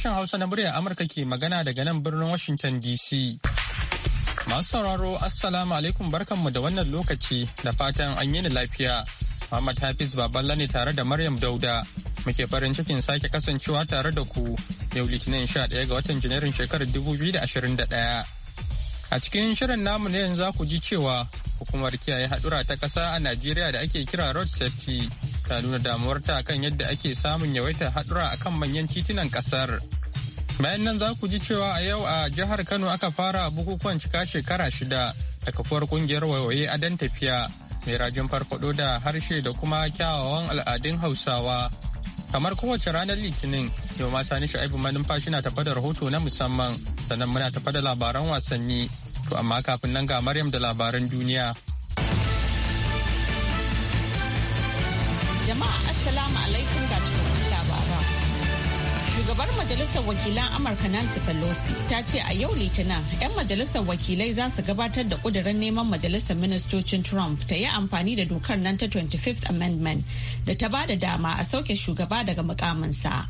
Sashen Hausa na muryar Amurka ke magana daga nan birnin Washington DC. Masu sauraro Assalamu alaikum barkanmu da wannan lokaci da fatan an yi ni lafiya. Muhammad Hafiz Baballa ne tare da Maryam Dauda. Muke farin cikin sake kasancewa tare da ku yau Litinin ɗaya ga watan Janairun shekarar 2021. A cikin shirin namu ne yanzu ku ji cewa hukumar kiyaye haɗura ta ƙasa a Najeriya da ake kira Road Safety ta nuna damuwarta kan yadda ake samun yawaitar haɗura kan manyan titunan ƙasar. bayan nan za ku ji cewa a yau a jihar kano aka fara bukukuwan cika shekara shida da kafuwar ƙungiyar wayoyi a dan tafiya mai rajin farfaɗo da harshe da kuma kyawawan al'adun hausawa kamar kowace ranar litinin yau ma sani sha'ibu manumfashi na tafa da rahoto na musamman sannan muna tafa da labaran wasanni to amma kafin nan ga maryam da labaran duniya Jama'a Assalamu alaikum ga cikin labaran. Shugabar Majalisar Wakilan Amurka Nancy Pelosi ta ce a yau Litinin 'yan Majalisar Wakilai za su gabatar da kudirin neman Majalisar Ministocin Trump ta yi amfani da dokar nan ta 25th Amendment da ta ba da dama a sauke shugaba daga mukaminsa.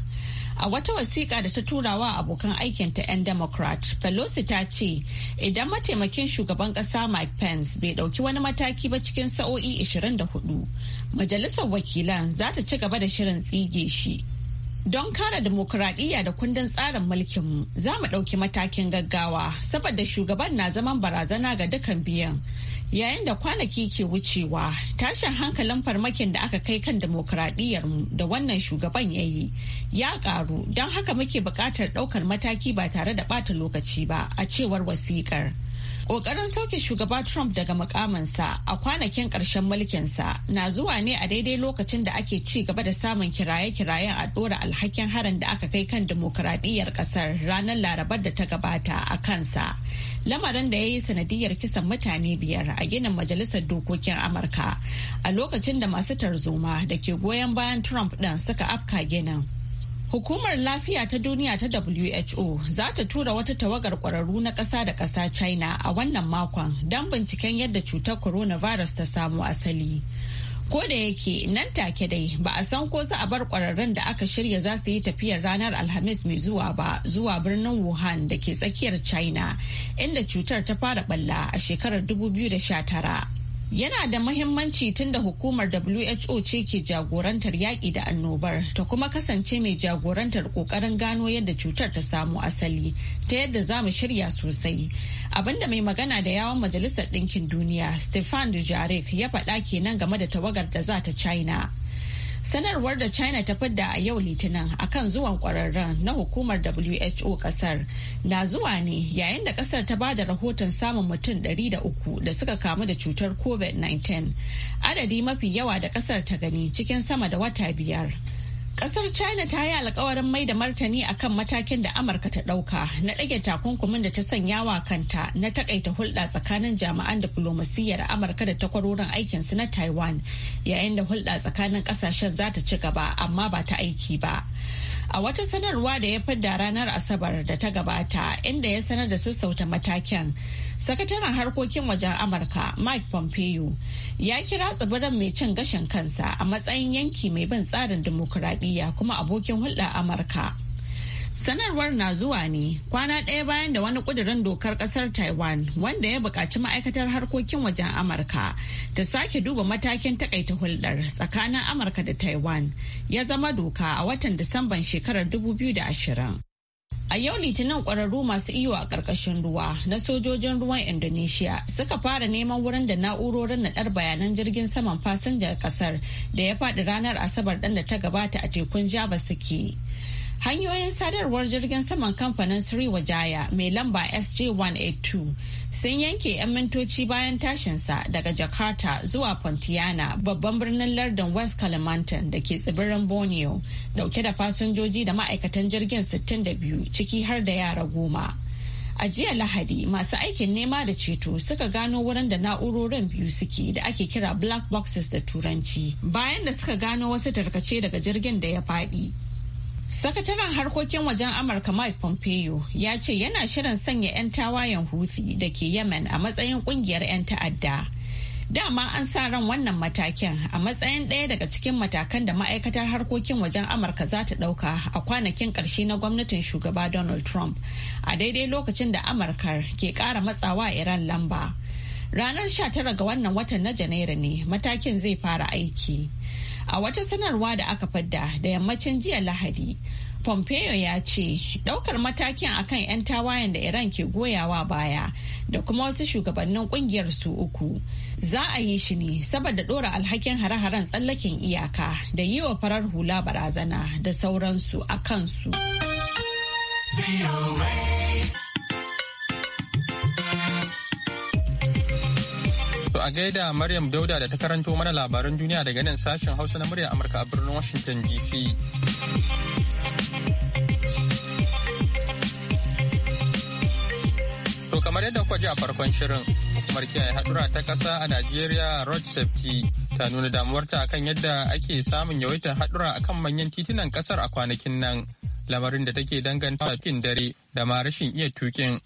A wata wasiƙa da ta turawa abokan aikinta 'yan Democrat, Pelosi ta ce, idan mataimakin shugaban ƙasa Mike Pence bai ɗauki wani mataki ba cikin sa'o'i 24, majalisar wakilan za ta ci gaba da shirin tsige shi. Don kare demokuraɗiyya da kundin tsarin mulkinmu za mu ɗauki matakin gaggawa saboda shugaban na zaman barazana ga dukan biyan. yayin da kwanaki ke wucewa tashin hankalin farmakin da aka kai kan mu da wannan shugaban ya yi ya karu don haka muke buƙatar ɗaukar mataki ba tare da ɓata lokaci ba a cewar wasiƙar. Ƙoƙarin sauke shugaba Trump daga makamansa a kwanakin ƙarshen mulkinsa na zuwa ne a daidai lokacin da ake ci gaba da samun kiraye-kirayen a ɗora alhakin harin da aka kai kan demokuraɗiyyar ƙasar ranar larabar da ta gabata a kansa. Lamarin da ya yi sanadiyar kisan mutane biyar a ginin Majalisar Dokokin Amurka a lokacin da masu tarzoma da ke goyon bayan Trump ɗin suka afka ginin. Hukumar Lafiya ta Duniya ta WHO za ta tura wata tawagar kwararru na ƙasa da ƙasa China a wannan makon don binciken yadda cutar coronavirus ta samu asali. Ko da yake nan take dai ba a san ko za a bar kwararrun da aka shirya za su yi tafiyar ranar Alhamis mai zuwa ba zuwa birnin Wuhan da ke tsakiyar China inda cutar ta fara balla a shekarar 2019. Yana da mahimmanci tunda hukumar WHO ce ke jagorantar yaƙi da annobar ta kuma kasance mai jagorantar ƙoƙarin gano yadda cutar ta samu asali ta yadda za mu shirya sosai. Abinda mai magana da yawon Majalisar Ɗinkin Duniya Stefan dujarek ya faɗa kenan game da tawagar da za ta China. sanarwar da china ta fidda a yau litinin akan zuwan kwararren na hukumar who kasar na zuwa ne yayin da kasar ta bada rahoton samun mutum 300 da suka kamu da cutar covid-19 adadi mafi yawa da kasar ta gani cikin sama da wata biyar Ƙasar China ta yi alkawarin mai da martani a kan matakin da Amurka ta ɗauka na ɗage takunkumin da ta sanya wa kanta na takaita hulɗa tsakanin jami'an diflomasiyyar Amurka da takwarorin aikinsu na Taiwan yayin da hulɗa tsakanin ƙasashen za ta ci gaba amma ba ta aiki ba. a wata sanarwa da ya fidda ranar asabar da ta gabata inda ya sanar da sassauta matakin sakataren harkokin wajen amurka mike pompeo ya kira tsibiran mai cin gashin kansa a matsayin yanki mai bin tsarin dimokuraɗiyya kuma abokin hulɗar amurka Sanarwar na zuwa ne kwana ɗaya bayan da wani ƙudurin dokar ƙasar Taiwan wanda ya buƙaci ma'aikatar harkokin wajen Amurka ta sake duba matakin takaita hulɗar tsakanin Amurka da Taiwan ya zama doka a watan Disamban shekarar 2020. A yau litinin ƙwararru masu iyo a ƙarƙashin ruwa na sojojin ruwan Indonesia suka fara neman wurin da na'urorin naɗar bayanan jirgin saman fasinjar ƙasar da ya faɗi ranar Asabar ɗan da ta gabata a tekun jaba suke. Hanyoyin sadarwar jirgin saman kamfanin Sriwijaya mai lamba SJ-182 sun yanke 'yan mintoci bayan tashinsa daga Jakarta zuwa Pontiana babban birnin lardin West Kalimantan da ke tsibirin Borneo dauke da fasinjoji da ma'aikatan jirgin 62 ciki har da yara goma. A jiya Lahadi masu aikin nema da ceto suka gano wurin da na'urorin biyu suke da ake kira black boxes da turanci bayan da suka gano wasu tarkace daga jirgin da ya faɗi. Sakataren harkokin wajen Amurka Mike Pompeo ya ce yana shirin sanya 'yan tawayen Houthi da ke Yemen a matsayin kungiyar 'yan ta'adda. Dama an sa ran wannan matakin a matsayin ɗaya daga cikin matakan da ma'aikatar harkokin wajen Amurka za ta ɗauka a kwanakin ƙarshe na gwamnatin shugaba Donald Trump a daidai lokacin da Amurkar ke ƙara matsawa Iran lamba. Ranar 19 ga wannan watan na Janairu ne matakin zai fara aiki. A wata sanarwa da aka fadda da yammacin jiya Lahadi, Pompeo ya ce ɗaukar matakin akan 'yan tawayen da Iran ke goyawa baya da kuma wasu shugabannin kungiyar su uku. Za a yi shi ne saboda ɗora alhakin hare-haren tsallaken iyaka da yi wa farar hula barazana da sauransu a kansu. A gaida Maryam Dauda da ta karanto mana labaran duniya daga nan sashen Hausa na murya Amurka a birnin Washington DC. To kamar yadda kwaji a farkon shirin, hukumar kiyaye hadura ta ƙasa a Najeriya Road Safety ta nuna damuwarta akan yadda ake samun yawaitar hadura akan manyan titunan ƙasar a kwanakin nan. Lamarin da take danganta cikin dare da ma rashin iya tukin.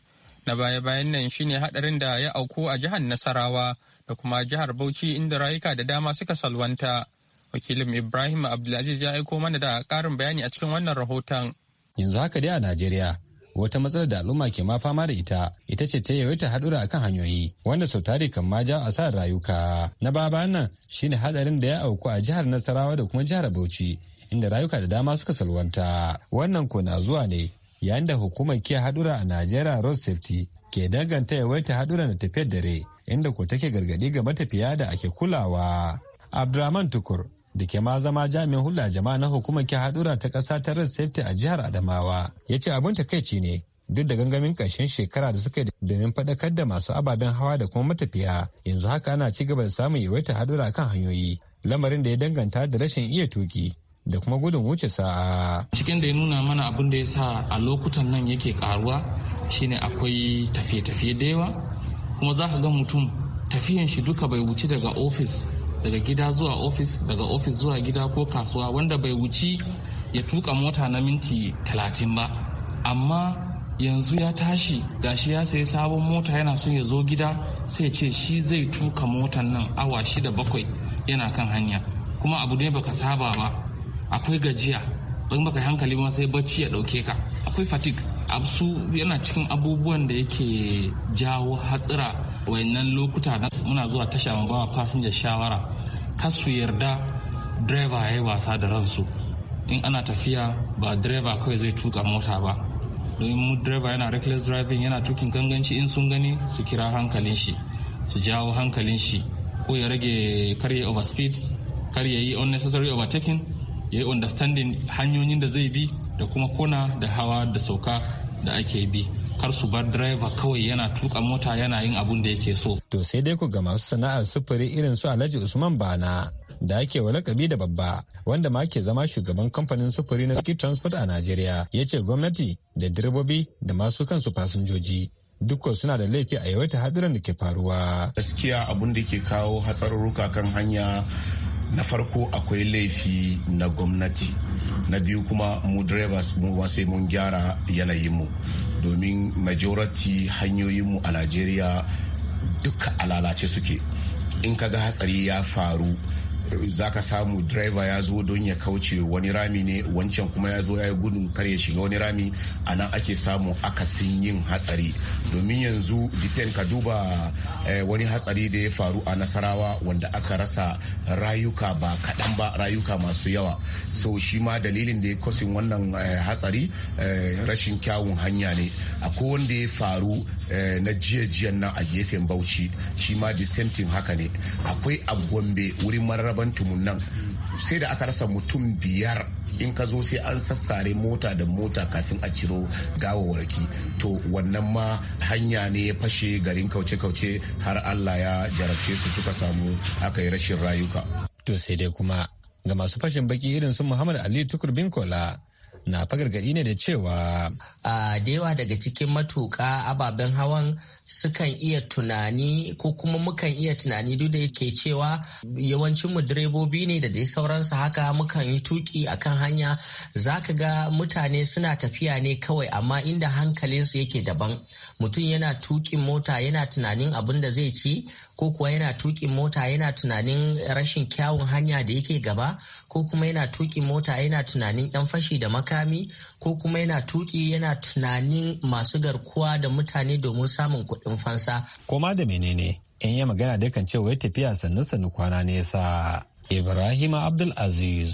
na baya-bayan nan shine hadarin da ya auku a jihar Nasarawa da kuma jihar Bauchi inda rayuka da dama suka salwanta. Wakilin Ibrahim Abdulaziz ya aiko mana da karin bayani a cikin wannan rahoton. Yanzu haka dai a Najeriya wata matsalar da al'umma ke ma fama da ita ita ce ta yawaita haɗura akan hanyoyi wanda sau tari kan ma jawo asarar rayuka na baba nan shine hadarin da ya auku a jihar Nasarawa da kuma jihar Bauchi inda rayuka da dama suka salwanta wannan ko na zuwa ne yayin da hukumar kiyaye hadura a Najeriya Road Safety ke danganta yawaita hadura da tafiyar dare inda ko take gargadi ga matafiya da ake kulawa abdurrahman tukur da ke ma zama jami'in hula jama'a na hukumar ke haɗura ta ƙasa ta red safety a jihar adamawa ya ce abin takaici ne duk da gangamin ƙarshen shekara da suka domin faɗakar da masu ababen hawa da kuma matafiya yanzu haka ana ci gaba da samun yawaitar haɗura kan hanyoyi lamarin da ya danganta da rashin iya tuki da kuma gudun wuce sa'a. Cikin da ya nuna mana abin da ya sa a lokutan nan yake karuwa shine akwai tafiye-tafiye da yawa kuma za ka ga mutum tafiyan shi duka bai wuce daga ofis daga gida zuwa ofis daga ofis zuwa gida ko kasuwa wanda bai wuci ya tuka mota na minti talatin ba amma yanzu ya tashi gashi ya sayi sabon mota yana so ya zo gida sai ce shi zai tuka motan nan awa shida bakwai yana kan hanya kuma abu ne baka saba ba akwai gajiya don baka hankali ba sai bacci ya dauke ka akwai fatigue absu yana cikin abubuwan da yake jawo hatsira wayannan lokuta muna zuwa tasha mu ba fasinja shawara kasu yarda driver ya yi wasa da ransu in ana tafiya ba driver kawai zai tuka mota ba domin mu driver yana reckless driving yana tukin ganganci in sun gani su kira hankalin shi su jawo hankalin shi ko ya rage karye overspeed kar ya yi unnecessary overtaking ya yi understanding hanyoyin da zai bi da kuma kuna da hawa da sauka da ake bi kar su bar driver kawai yana tuka mota yana yin abun da yake so. To sai dai ku ga masu sana'ar sufuri irin su Alhaji Usman Bana da ake wa lakabi da babba wanda ma ke zama shugaban kamfanin sufuri na Ski Transport a Najeriya ya ce gwamnati da direbobi da masu kansu fasinjoji dukko suna da laifi a yawaita hadiran da ke faruwa. Gaskiya abun da ke kawo hatsarurruka kan hanya na farko akwai laifi na gwamnati na biyu kuma mu drivers mu wasu mun gyara mu domin majority hanyoyinmu a nigeria duka a lalace suke in kaga hatsari ya faru za ka samu driver ya zo don ya kauce wani rami ne wancan kuma ya zo ya yi gudun kar ya shiga wani rami a nan ake samu akasin yin hatsari domin yanzu dipen ka duba eh, wani hatsari da ya faru a nasarawa wanda aka rasa rayuka ba kaɗan ba rayuka masu yawa so shi ma dalilin da ya kosin wannan eh, hatsari eh, rashin kyawun hanya ne akwai wanda ya faru na jiya-jiyan nan a gefen bauchi shi ma the haka ne akwai a gombe wurin marar raban tumunan sai da aka rasa mutum biyar in ka zo sai an sassare mota da mota kafin a ciro gawawarki to wannan ma hanya ne ya fashe garin kauce-kauce har allah ya jarabce su suka samu aka yi rashin rayuka to sai dai kuma ga masu fashin baki irin su muhammad ali tukur kola na fagargadi ne da cewa a da yawa daga cikin matuka ababen hawan sukan iya tunani ko kuma mukan iya tunani duk da yake cewa yawancin mu direbobi ne da dai sauransu haka mukan yi tuki akan hanya zaka ga mutane suna tafiya ne kawai amma inda hankalinsu yake daban mutum yana tukin mota yana tunanin abin da zai ci ko kuwa yana tukin mota yana tunanin rashin kyawun hanya da yake gaba ko kuma yana tukin mota yana tunanin yan fashi da makami ko kuma yana tuki yana tunanin masu garkuwa da mutane domin samun kuɗin fansa. Koma da menene in ya magana da kan cewa ya tafiya sannu sannu kwana nesa. Ibrahim Abdul Aziz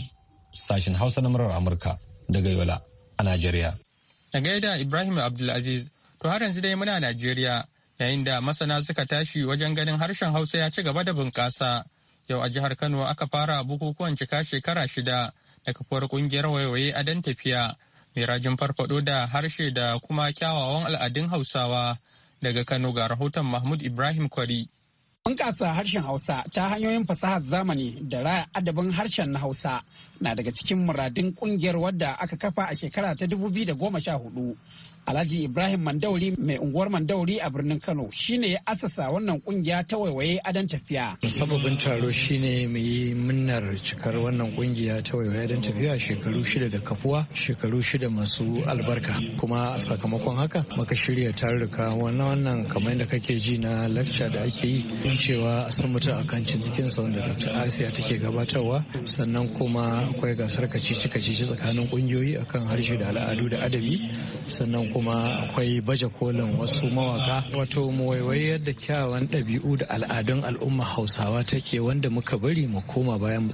sashen Hausa na murar Amurka daga Yola a Najeriya. Na gaida Ibrahim Abdul Aziz to har yanzu dai muna Najeriya yayin da masana suka tashi wajen ganin harshen Hausa ya ci gaba da bunƙasa. Yau a jihar Kano aka fara bukukuwan cika shekara shida da kafuwar ƙungiyar waiwaye a dan tafiya mai rajin farfado da harshe da kuma kyawawan al'adun hausawa daga kano ga rahoton mahmud ibrahim kwari Bunƙasa harshen Hausa ta hanyoyin fasahar zamani da raya adabin harshen na Hausa na daga cikin muradin ƙungiyar wadda aka kafa a shekara ta 2014 Alhaji Ibrahim Mandauri mai unguwar Mandauri a birnin Kano shine ya asasa wannan kungiya ta waiwaye adon tafiya. Sababin taro shine mu yi munnar cikar wannan kungiya ta waiwaye adon tafiya shekaru shida da kafuwa shekaru shida masu albarka kuma a sakamakon haka muka shirya tarurruka wannan wannan kamar da kake ji na lacca da ake yi cewa a san mutum akan cikin sa wanda Dr. Asiya take gabatarwa sannan kuma akwai gasar kacici kacici tsakanin kungiyoyi akan harshe da al'adu da adabi sannan kuma kuma akwai baje kolin wasu mawaka wato mu da yadda kyawawan ɗabi'u da al'adun al'umma hausawa take wanda muka bari mu koma bayan mu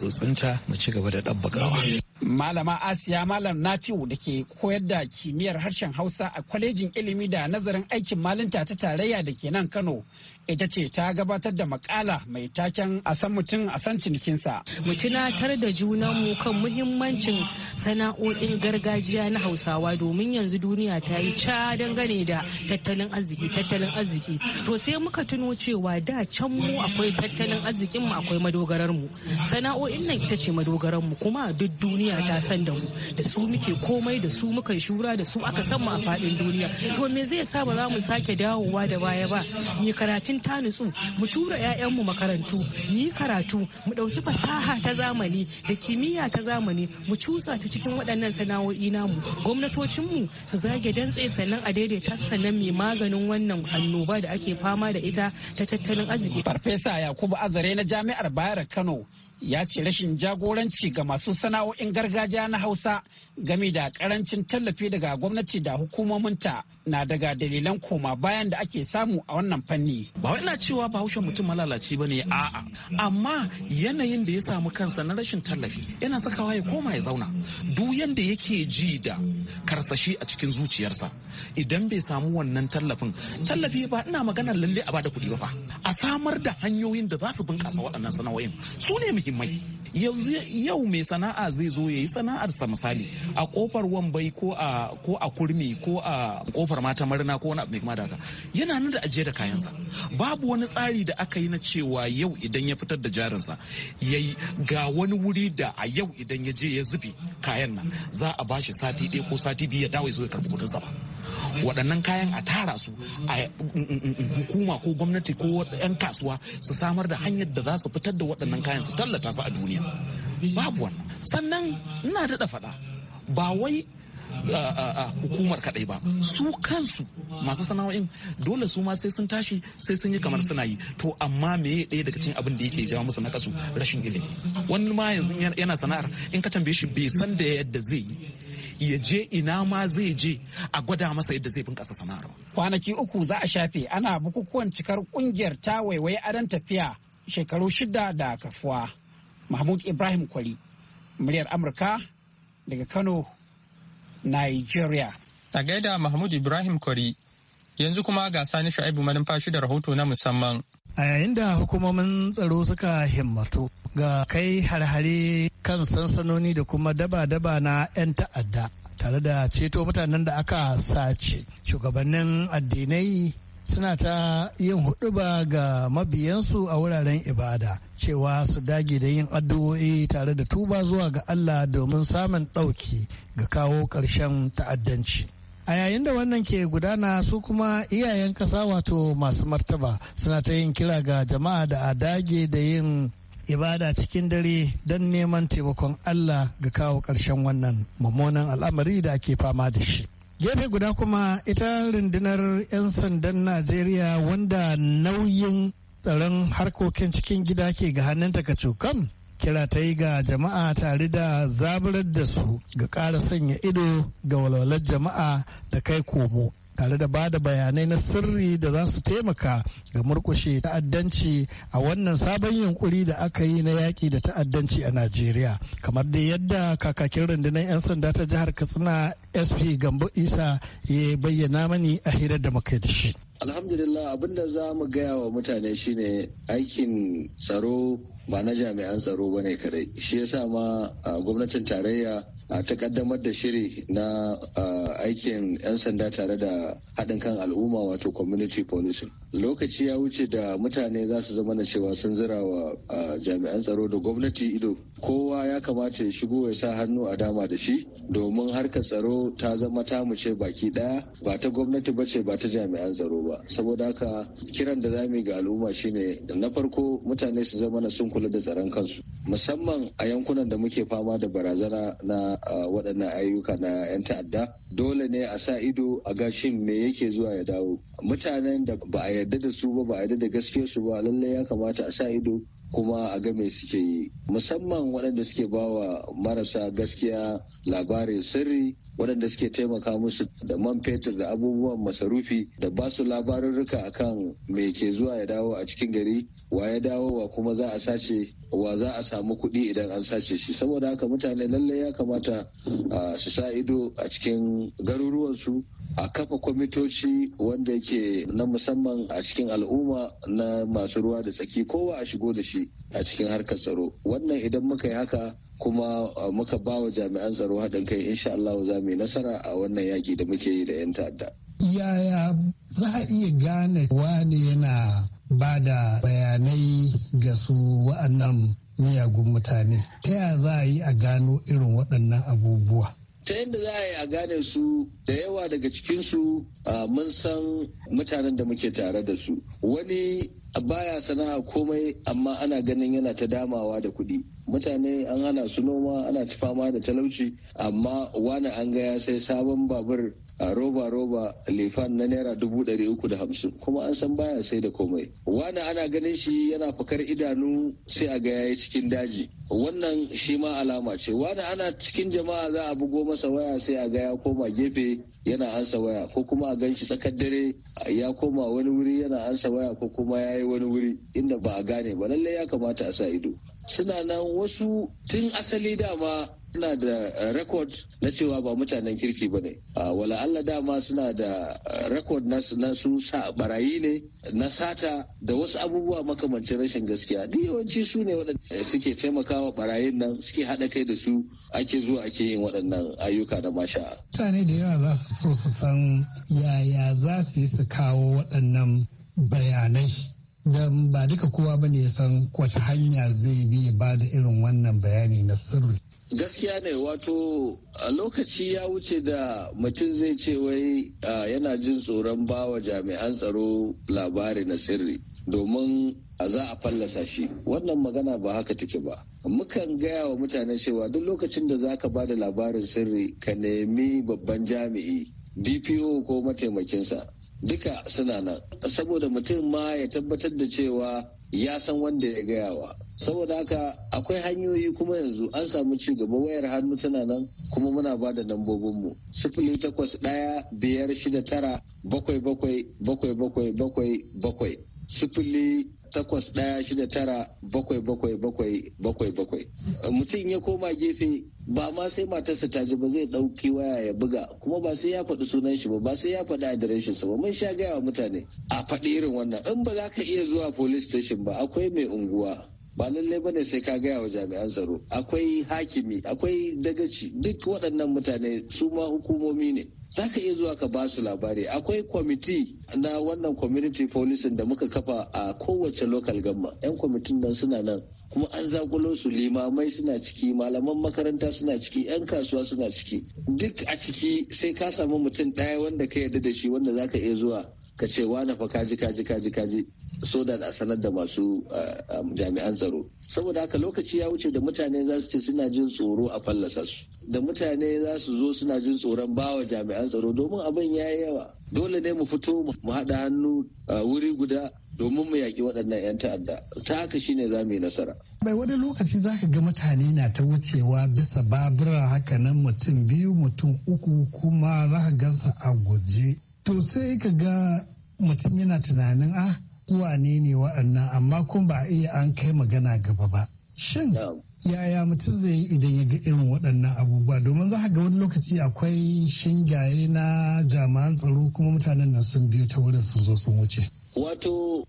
mu ci gaba da ɗabbakawa. Malama Asiya Malam Nafiu da ke koyar da kimiyyar harshen Hausa a kwalejin ilimi da nazarin aikin malinta ta tarayya da ke nan Kano ita ce ta gabatar da makala mai taken a san mutum a san cinikinsa. Mu tunatar da junanmu kan muhimmancin sana'o'in gargajiya na Hausawa domin yanzu duniya ta yi yi ca dangane da tattalin arziki tattalin arziki to sai muka tuno cewa da can mu akwai tattalin arzikin mu akwai madogarar mu sana'o'in nan ita ce madogarar mu kuma duk duniya ta san da mu da su muke komai da su muka shura da su aka san mu a fadin duniya to me zai sa ba za mu sake dawowa da baya ba ni karatun ta nutsu mu tura mu makarantu mu karatu mu ɗauki fasaha ta zamani da kimiyya ta zamani mu cusa ta cikin waɗannan sana'o'i namu gwamnatocinmu su zage dan dutse sannan a daidaita sannan mai maganin wannan annoba da ake fama da ita ta tattalin arziki. Farfesa Yakubu Azare na Jami'ar Bayar Kano ya ce rashin jagoranci ga masu sana'o'in gargajiya na Hausa game da karancin tallafi daga gwamnati da hukumominta na daga dalilan koma bayan da ake samu a wannan fanni. Ba wai ina cewa bahaushe mutum malalaci ba ne a'a amma yanayin da ya samu kansa na rashin tallafi yana sakawa ya koma ya zauna duk yanda yake ji da karsashi a cikin zuciyarsa idan bai samu wannan tallafin tallafi ba ina magana lalle a bada kuɗi ba fa a samar da hanyoyin da za su bunƙasa waɗannan sana'o'in su ne muhimmai yanzu yau mai sana'a zai zo ya yi sana'arsa misali a kofar wambai ko a kurmi ko a kofar kofar mata marina ko wani abu mai kuma da haka yana nan da ajiye da kayansa babu wani tsari da aka yi na cewa yau idan ya fitar da jarinsa ya yi ga wani wuri da a yau idan ya je ya zube kayan nan za a bashi sati ɗaya ko sati biyu ya dawo ya zo ya karɓi kuɗin sa ba waɗannan kayan a tara su a mm, mm, mm, hukuma ko gwamnati ko 'yan kasuwa su samar da hanyar da za su fitar da waɗannan kayan su tallata su a duniya babu wannan sannan ina daɗa faɗa ba wai hukumar kadai ba su kansu masu sana'o'in dole su ma sai sun tashi sai sun yi kamar suna yi to amma me daya daga cikin abin da yake jawo musu na kasu rashin ilimi wani ma yanzu yana sana'ar in ka tambaye shi bai san da yadda zai yi ya je ina ma zai je a gwada masa yadda zai bunkasa sana'ar. Kwanaki uku za a shafe ana bukukuwan cikar kungiyar ta waiwaye adon tafiya shekaru shida da kafuwa. Mahmud Ibrahim Kwari, muryar Amurka daga Kano, Nigeria. A gaida Mahmud Ibrahim Kwari, yanzu kuma ga sani sha'ibu manumfashi da rahoto na musamman. A yayin da hukumomin tsaro suka himmatu ga kai harhare kan sansanoni da kuma daba-daba na 'yan ta'adda tare da ceto mutanen da aka sace shugabannin addinai suna ta yin huduba ga mabiyansu a wuraren ibada cewa su dage da yin addu'o'i tare da tuba zuwa ga Allah domin samun ɗauki ga kawo ƙarshen ta'addanci. a yayin da wannan ke gudana su kuma iyayen ƙasa wato masu martaba suna ta yin kira ga jama'a da a dage da yin ibada cikin dare don neman taimakon Allah ga kawo ƙarshen wannan mummunan al'amari da ake fama da shi. gefe guda kuma ita rundunar 'yan sandan najeriya wanda nauyin tsaron harkokin cikin gida ke ga hannunta kacokam kira ta yi ga jama'a tare da zaburar da su ga ƙara sanya ido ga walwalar jama'a da kai komo tare da ba da bayanai na sirri da za su taimaka ga murkushe ta'addanci a wannan sabon yunkuri da aka yi na yaki da ta'addanci a najeriya kamar da yadda kakakin rundunar 'yan sanda ta jihar katsina sp gambo isa ya bayyana mani a hirar da muka da shi alhamdulillah abinda za mu gaya wa mutane shine aikin tsaro ba na jami'an tsaro ba ne kadai shi yasa ma gwamnatin tarayya ta kaddamar da shiri na aikin 'yan sanda tare da haɗin kan al'umma wato community policing lokaci ya wuce da mutane za su zama na cewa sun zira wa jami'an tsaro da gwamnati ido kowa ya kamata ya shigo ya sa hannu a dama da shi domin harkar tsaro ta zama ta ce baki ɗaya ba ta gwamnati ba ce ba ta jami'an tsaro ba saboda haka kiran da zamu ga al'umma shine na farko mutane su zama na sun kula da tsaron kansu musamman a yankunan da muke fama da barazana na waɗannan ayyuka na 'yan ta'adda dole ne a sa ido a gashin me yake zuwa ya dawo mutanen da ba a yarda da su ba ba a yarda da gaskiyar su ba lallai ya kamata a sa ido kuma a ga me suke yi musamman waɗanda suke bawa marasa gaskiya labarin sirri waɗanda suke taimaka musu da man fetur da abubuwan masarufi da ba su labarurruka akan me ke zuwa ya dawo a cikin gari wa ya dawo wa kuma za a sace wa za a samu kuɗi idan an sace shi saboda haka mutane lallai ya kamata su sa ido a cikin garuruwansu a kafa kwamitoci wanda yake na musamman a cikin al'umma na masu ruwa da tsaki kowa a shigo da shi a cikin harkar tsaro wannan idan muka yi haka kuma muka ba wa jami'an tsaro haɗin kai insha Allah za mu yi nasara a wannan yaki da muke yi da 'yan ta'adda. Yaya za a iya gane wane yana ba da bayanai ga su wa'annan miyagun mutane ta yaya za a yi a gano irin waɗannan abubuwa? ta yadda za a yi a gane su da yawa daga cikinsu mun san mutanen da muke tare da su wani baya sana'a komai amma ana ganin yana ta damawa da kuɗi mutane an hana su noma ana ci fama da talauci amma wani an ga ya sai sabon babur a roba roba lefan na naira dubu ɗari uku da hamsin kuma an san baya sai da komai wani ana ganin shi yana fakar idanu sai a ga cikin daji wannan shi ma alama ce wani ana cikin jama'a za a bugo masa waya sai a ga ya koma gefe yana ansa waya ko kuma a ganshi tsakar dare ya koma wani wuri yana ansa waya ko kuma ya yi wani wuri inda ba a gane ba lallai ya kamata a sa ido suna nan wasu tun asali dama suna da uh, rekod na cewa ba mutanen kirki ba ne uh, wala Allah dama suna da uh, rekod na su barayi ne na sata da wasu abubuwa makamancin rashin gaskiya duk yawanci su ne waɗanda suke taimakawa barayin nan suke haɗa kai da su ake zuwa ake yin waɗannan ayyuka da masha. Mutane da yawa za su so su san yaya za su yi su kawo waɗannan bayanai don ba duka kowa ba ne san wace hanya zai bi ba da irin wannan bayani na sirri gaskiya ne wato a lokaci ya wuce da mutum zai ce wai yana jin tsoron bawa jami'an tsaro labari na sirri domin a za a fallasa shi wannan magana ba haka take ba mukan gaya wa mutane cewa duk lokacin da za ka ba da labarin sirri ka nemi babban jami'i dpo ko mataimakinsa duka suna nan saboda mutum ma ya tabbatar da cewa ya san wanda ya gayawa saboda haka akwai hanyoyi kuma yanzu an samu ci gaba wayar hannu tana nan kuma muna ba da mu. sifili takwas ɗaya biyar shida tara bakwai bakwai bakwai bakwai bakwai bakwai sifili takwas ɗaya shida tara bakwai bakwai bakwai bakwai bakwai mutum ya koma gefe ba ma sai matarsa ta ji ba zai ɗauki waya ya buga kuma ba sai ya faɗi sunan shi ba ba sai ya faɗi adireshin ba mun sha gaya wa mutane a faɗi irin wannan in ba za ka iya zuwa police station ba akwai mai unguwa ba lallai bane sai ka gaya wa jami'an tsaro akwai hakimi akwai dagaci duk waɗannan mutane su ma hukumomi ne za ka iya zuwa ka ba su labari akwai kwamiti na wannan community policing da muka kafa a kowace local gamma yan kwamitin nan suna nan kuma an zagulo su limamai suna ciki malaman makaranta suna ciki yan kasuwa suna ciki duk a ciki sai ka samu mutum ɗaya wanda ka yarda da shi wanda za ka iya zuwa ka ce wani fa kaji kaji kaji kaji so da a sanar da masu uh, um, jami'an tsaro saboda haka lokaci ya wuce da mutane za su ce suna jin tsoro a fallasa su da mutane za su zo suna jin tsoron bawa jami'an tsaro domin abin ya yi yawa dole ne mu fito mu haɗa hannu uh, wuri guda domin mu yaƙi waɗannan 'yan ta'adda ta haka shine za mu yi nasara. Bai wani lokaci za ka ga mutane na ta wucewa bisa babura hakanan mutum biyu mutum uku kuma za ka gansa a guje to sai ka ga mutum yana tunanin ah kuwa ne wa'annan amma kun ba a iya an kai magana gaba ba shin yaya mutum zai yi idan ya ga irin waɗannan abubuwa domin za ga wani lokaci akwai shingaye na jami'an tsaro kuma mutanen nan sun biyo ta wurin su zo sun wuce wato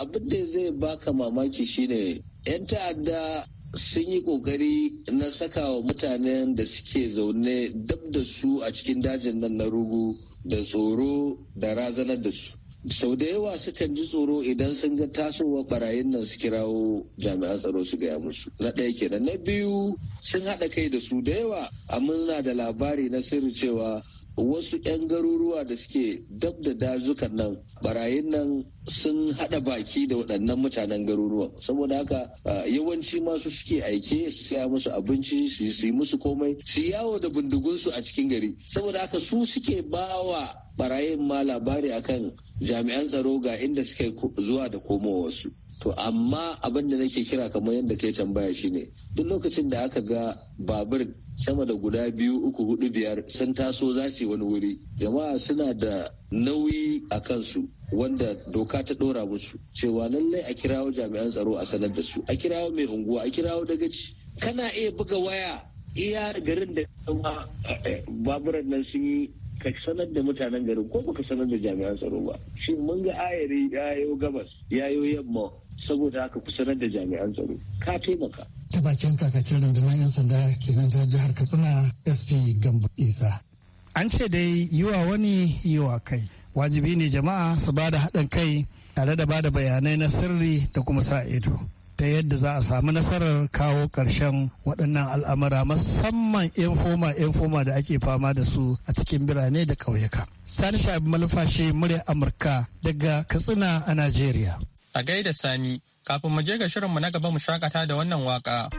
abin da zai baka mamaki shine 'yan ta'adda sun yi kokari na saka wa mutanen da suke zaune dab da su a cikin dajin nan na rugu da tsoro da razanar da su sau da yawa sukan ji tsoro idan sun ga tasowa barayin nan su kirawo jami'an tsaro su gaya musu na ɗaya kenan na biyu sun haɗa kai da su da yawa amma na da labari na sirri cewa wasu 'yan garuruwa da suke dab da dazukan nan barayin nan sun hada baki da waɗannan mutanen garuruwan saboda haka yawanci masu suke aike su saya musu abinci su yi musu komai su yawo da bindigunsu a cikin gari saboda haka su suke bawa barayin ma labari akan jami'an tsaro ga inda suke zuwa da wasu. To amma abin da nake kira kamar yadda kai tambaya shine duk lokacin da aka ga babur sama da guda biyu uku hudu biyar sun taso za su wani wuri jama'a suna da nauyi a kansu wanda doka ta dora musu cewa lallai a kirawo jami'an tsaro a sanar da su a kirawo mai unguwa a kirawo daga ci. kana iya buga waya iya garin da eh, baburan nan sun yi ka sanar da mutanen garin ko baka sanar da jami'an tsaro ba shi mun ga ayari yayo gabas yayo yamma saboda haka ku sanar da jami'an tsaro ka taimaka ta bakin kakakin rundunar 'yan sanda kenan ta jihar katsina sp gambo isa an ce dai yi wa wani yi wa kai wajibi ne jama'a su ba da haɗin kai tare da ba da bayanai na sirri da kuma sa ido ta yadda za a samu nasarar kawo ƙarshen waɗannan al'amura musamman 'yan foma 'yan foma da ake fama da su a cikin birane da ƙauyuka sani shabi malfashi murya amurka daga katsina a najeriya a gaida sani Kafin mu je ga shirin mu, na gaba mu shakata da wannan waka.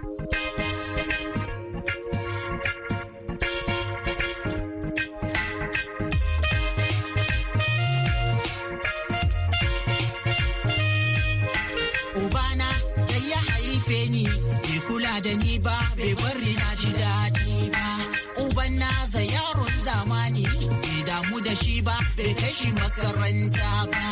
Ubana da ya haife ni, bai kula da ni ba, bai bari na ji daɗi ba. Uban na yaron zamani, bai damu da shi ba, bai kai shi makaranta ba.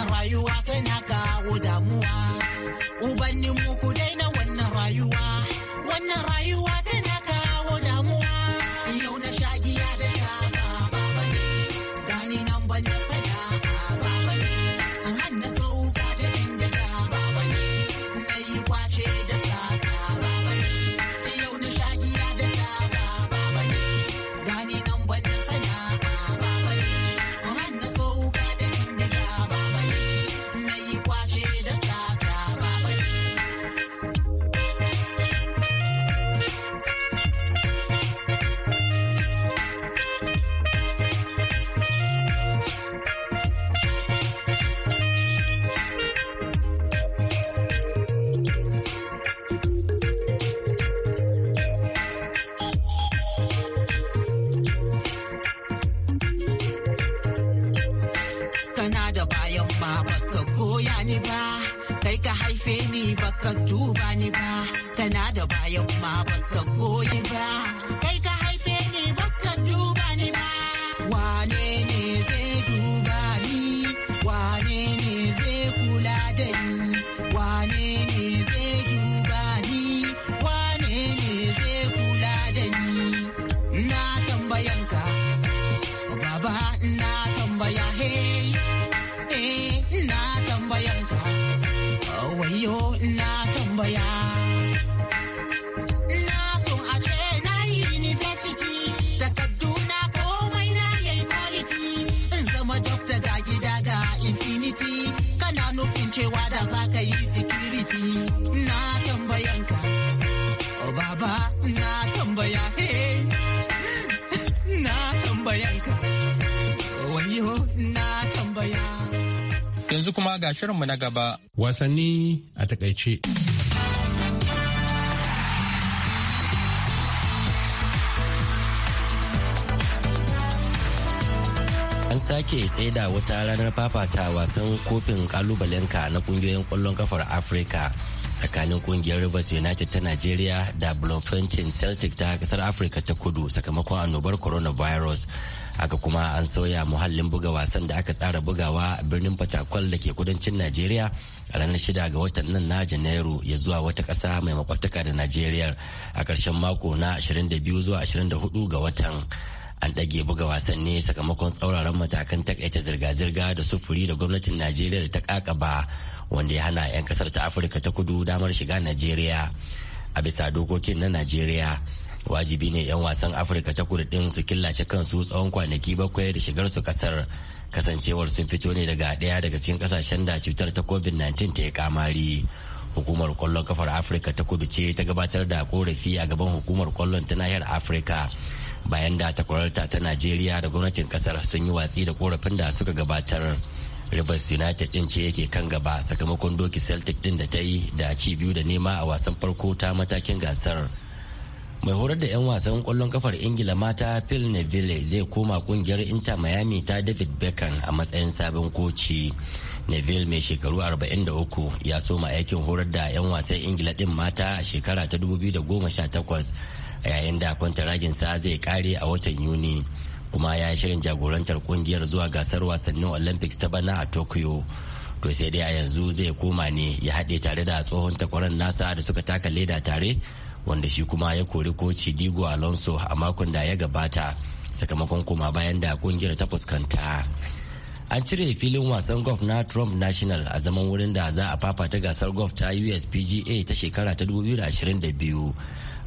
wannan rayuwa tana kawo damuwa ubannin mu ku daina wannan rayuwa wannan rayuwa tana you. kuma ga shirinmu na gaba. Wasanni a takaice. An sake tsaida wata ranar fafata wasan kofin kalubalenka na kungiyoyin kwallon kafar Afirka. tsakanin kungiyar rivers united ta nigeria da bloemfontein celtic ta kasar afirka ta kudu sakamakon annobar coronavirus aka kuma an sauya muhallin buga wasan da aka tsara bugawa a birnin fatakwal da ke kudancin Nigeria a ranar shida ga watan nan na janairu ya zuwa wata ƙasa mai makwabtaka da najeriya a ƙarshen mako na 22 zuwa 24 ga watan an ɗage buga wasan ne sakamakon tsauraran matakan takaita zirga-zirga da sufuri da gwamnatin najeriya da ta ƙaƙaba wanda ya hana 'yan kasar ta afirka ta kudu damar shiga najeriya a bisa dokokin na najeriya wajibi ne 'yan wasan afirka ta kudu din su killace kansu tsawon kwanaki bakwai da shigar su kasar kasancewar sun fito ne daga daya daga cikin kasashen da cutar ta covid-19 ta yi kamari hukumar kwallon kafar afirka ta kudu ce ta gabatar da korafi a gaban hukumar kwallon ta nahiyar afirka bayan da takwararta ta najeriya da gwamnatin kasar sun yi watsi da korafin da suka gabatar rivers united din ce yake kan gaba sakamakon doki celtic din da ta yi da ci biyu da nema a wasan farko ta matakin gasar mai horar da 'yan wasan kwallon kafar ingila mata phil neville zai koma kungiyar inter miami ta david beckham a matsayin sabon koci neville mai shekaru 43 ya soma aikin horar da 'yan wasan ingila din mata a shekara ta 2018 yayin da kwantaraginsa zai kare a watan yuni kuma ya yi shirin jagorantar kungiyar zuwa gasar wasannin olympics ta bana a tokyo to sai dai a yanzu zai koma ne ya haɗe tare da tsohon takwaran nasa da suka taka leda tare wanda shi kuma ya kori koci digo alonso a makon da ya gabata sakamakon koma bayan da kungiyar ta fuskanta an cire filin wasan golf na trump national a zaman wurin da za a fafata gasar golf ta uspga ta shekara ta 2022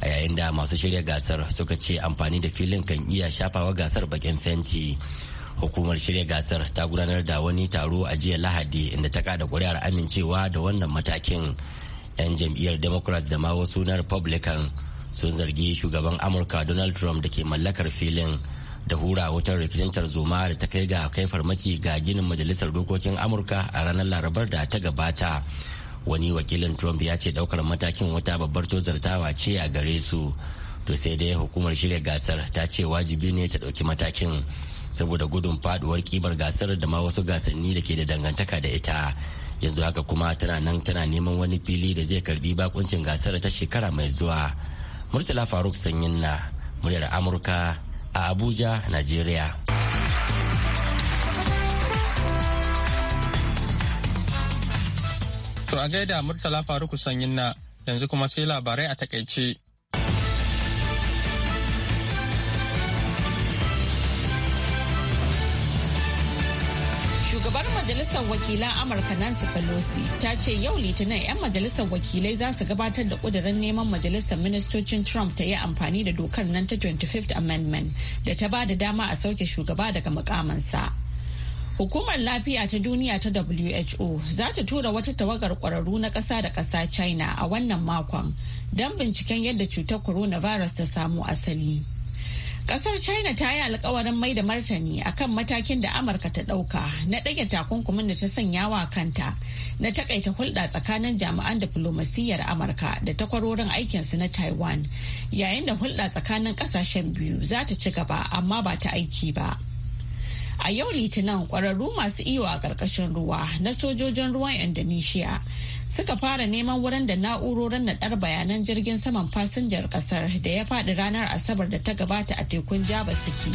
a yayin da masu shirya gasar suka ce amfani da filin kan iya shafawa gasar bakin fenti hukumar shirya gasar ta gudanar da wani taro a jiya lahadi inda ta kada kuri'ar amincewa da wannan matakin 'yan jam'iyyar democrats da ma wasu na republican sun zargi shugaban amurka donald trump da ke mallakar filin da hura wutar rikicintar tarzoma da ta kai ga kai farmaki ga ginin majalisar dokokin amurka a ranar larabar da ta gabata wani wakilin trump ya ce daukar matakin wata babbar tozartawa ce a gare su to sai dai hukumar shirya gasar ta ce wajibi ne ta ɗauki matakin saboda gudun faduwar kibar gasar da ma wasu gasanni da ke da dangantaka da ita yanzu haka kuma tana nan tana neman wani fili da zai karbi bakuncin gasar ta shekara mai zuwa murtala faruk sanyin na muryar amurka a abuja nigeria To a gaida Murtala Faruku Sanyin na yanzu kuma sai labarai a takaice. Shugabar Majalisar Wakilan Amurka Nancy Pelosi ta ce yau Litinin 'yan Majalisar Wakilai za su gabatar da ƙudurin neman Majalisar Ministocin Trump ta yi amfani da dokar nan ta 25th Amendment da ta ba da dama a sauke shugaba daga mukamansa. Hukumar lafiya ta duniya ta WHO za ta tura wata tawagar kwararru na ƙasa da ƙasa China a wannan makon don binciken yadda cutar coronavirus ta samu asali. Ƙasar China ta yi alkawarin mai da martani akan matakin da Amurka ta ɗauka na ɗage takunkumin da ta sanya wa kanta na takaita hulɗa tsakanin jami'an diflomasiyyar Amurka da takwarorin aikinsu na Taiwan yayin da hulɗa tsakanin ƙasashen biyu za ta ci gaba amma ba ta aiki ba. a yau litinin kwararru masu iyo a ƙarƙashin ruwa na sojojin ruwan indonesia suka fara neman wurin da na'urorin naɗar bayanan jirgin saman fasinjar ƙasar da ya faɗi ranar asabar da ta gabata a tekun jaba suke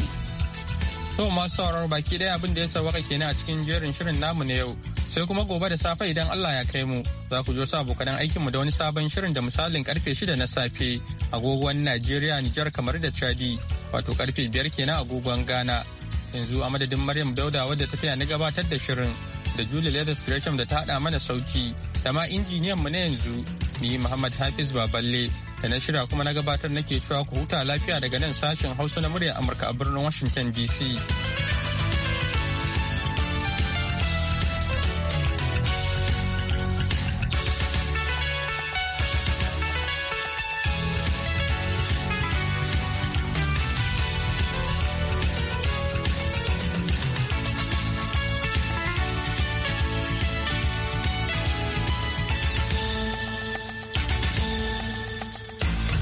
to masu sauraro baki daya abin da ya sauwaka kenan a cikin jerin shirin namu na yau sai kuma gobe da safe idan Allah ya kai mu za ku zo sa abokan aikin mu da wani sabon shirin da misalin karfe 6 na safe agogon Najeriya Nijar kamar da Chadi wato karfe biyar kenan agogon Ghana yanzu a madadin maryam dauda wadda ta taya na gabatar da shirin da julie leathers gresham da ta haɗa mana sauki da ma injiniyan mu na yanzu ni muhammad hafiz baballe da na shirya kuma na gabatar nake cewa ku huta lafiya daga nan sashen hausa na muryar amurka a birnin washington dc